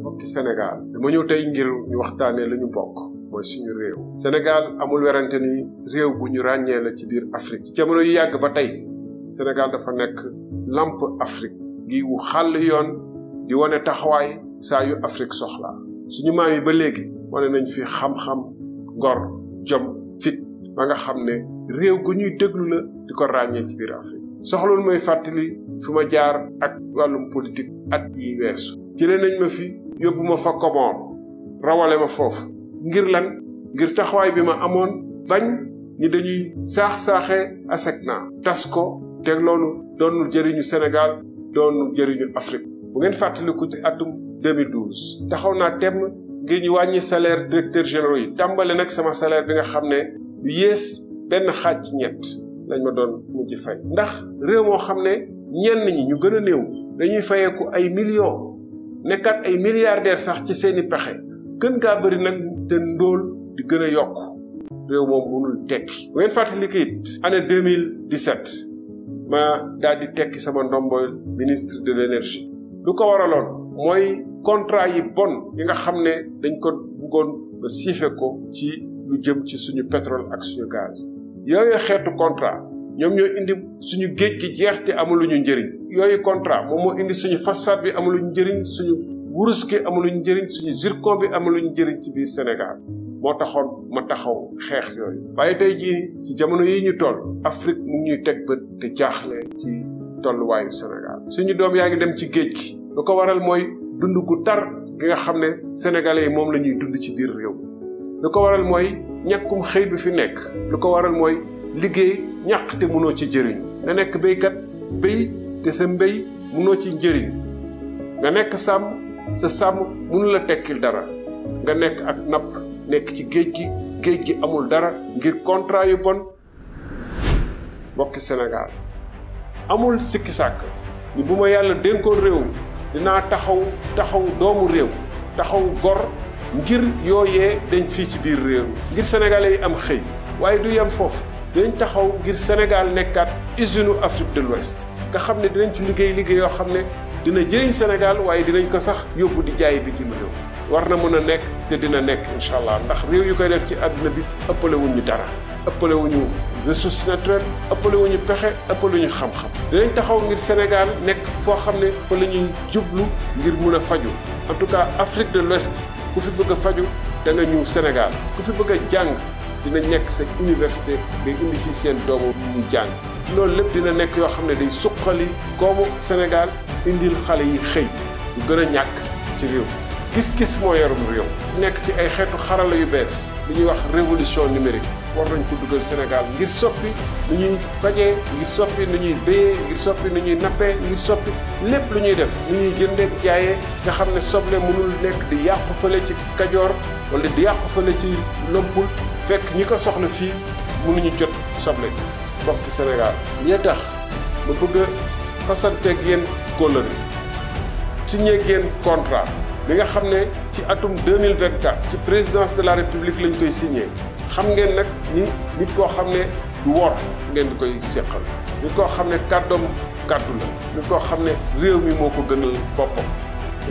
mbokki Sénégal dama ñëw tey ngir ñu waxtaanee lañu bokk mooy suñu réew. Sénégal amul werante ni réew gu ñu ràññee la ci biir Afrique. ci jamono yu yàgg ba tey Sénégal dafa nekk lampe Afrique gi wu xàll yoon di wane taxawaay saa yu Afrique soxla suñu maam yi ba léegi wane nañ fi xam-xam ngor jom fit ba nga xam ne réew gu ñuy déglu la di ko ràññee ci biir Afrique soxlul mooy fàttali. fu ma jaar ak wàllum politique at yi weesu jëlee nañ ma fi yóbbu ma fa koboor rawale ma foofu ngir lan ngir taxawaay bi ma amoon bañ ñi dañuy saax-saaxee ASECNA tas ko te loolu doonul jëriñu Sénégal doonul jëriñu Afrique bu ngeen fàttaliku ci atum 2012 taxaw naa temm ngir ñu wàññi salaire directeur généraux yi tàmbale nag sama salaire bi nga xam ne lu yées benn xaaj ci ñett lañ ma doon mujj fay ndax réew moo xam ne ñenn ñi ñu gën a néew dañuy fayeeku ay millions nekkat ay milliardaires sax ci seeni pexe kën gaa bëri nag te ndóol di gën a yokk réew moom mënul tekki bu ngeen fàttali ko it année 2017 ma daal di tekki sama ndombo ministre de l'énergie lu ko waraloon mooy contrat yi bon ki nga xam ne dañ ko bëggoon ba siife ko ci lu jëm ci suñu pétrole ak suñu gaz yooyu xeetu contrat ñoom ñoo indi suñu géej gi jeex te amuluñu njëriñ yooyu contrat moom moo indi suñu phosphate bi amuluñu njëriñ suñu wurus gi amuluñu njëriñ suñu zircon bi amuluñu njëriñ ci biir Sénégal moo taxoon ma taxaw xeex yooyu waaye tey jii ci jamono yi ñu toll Afrique mu ngi ñuy teg bët te jaaxle ci tolluwaayu Sénégal suñu doom yaa ngi dem ci géej gi lu ko waral mooy dund gu tar ki nga xam ne sénégalais yi moom la ñuy dund ci biir réew lu ko waral mooy ñàkkum xëy bi fi nekk lu ko waral mooy liggéey ñàq te mënoo ci jëriñu nga nekk béykat béy te sa mbéy mënoo ci nga nekk sàmm sa sàmm mënu la tekkil dara nga nekk ak napp nekk ci géej gi géej gi amul dara ngir contrat yu bon mbokki Sénégal amul sikki sàkk ni bu ma yàlla dénkoon réew mi dinaa taxaw taxaw doomu réew taxaw gor ngir yooyee dañ fii ci biir réew ngir sénégalais yi am xëy waaye du yem foofu dañ taxaw ngir sénégal nekkaat usine afrique de l'ouest nga xam ne dinañ fi liggéey liggéey yoo xam ne dina jëriñ sénégal waaye dinañ ko sax yóbbu di jaay bitim réew war na mën a nekk te dina nekk incha allah ndax réew yu koy def ci àdduna bi ëppale wuñu dara ëppale wuñu ressource naturelle ëppale wuñu pexe ëppale wuñu xam-xam dinañ taxaw ngir sénégal nekk foo xam ne fa la ñuy jublu ngir mun a faju en tout cas afrique de l'ouest ku fi bëgg a faju da nga ñëw Sénégal ku fi bëgg a jàng dina nekk sa université day indi fii seen doomu ñu jàng loolu lépp dina nekk yoo xam ne day suqali goomu Sénégal indil xale yi xëy lu gën a ñàkk ci réew gis-gis moo yorum réew nekk ci ay xeetu xarala yu bees bi ñuy wax révolution numérique war nañ ko dugal Sénégal ngir soppi nu ñuy fajee ngir soppi nu ñuy béyee ngir soppi nu ñuy nappee ngir soppi lépp lu ñuy def nu ñuy jëndee jaayee nga xam ne soble mënul nekk di yàqu fële ci Kajoor wala di yàqu fële ci Lompul fekk ñi ko soxla fii mënuñu jot soble bokk ci Sénégal ñee tax ma bëgg a fasanteeg yéen kóllëre signé ak yéen bi nga xam ne ci atum 2024 ci présidence de la république lañ koy siñee xam ngeen nag ni nit koo xam ne du wor ngeen di koy séqal nit koo xam ne kàddoom kàddu la nit koo xam ne réew mi moo ko gënal boppam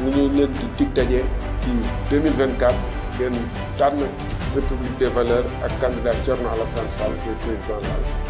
ñu ngi leen di dig daje ci 2024 ngeen tànn république des valeurs ak candidat Thierno Alassane Sall et président la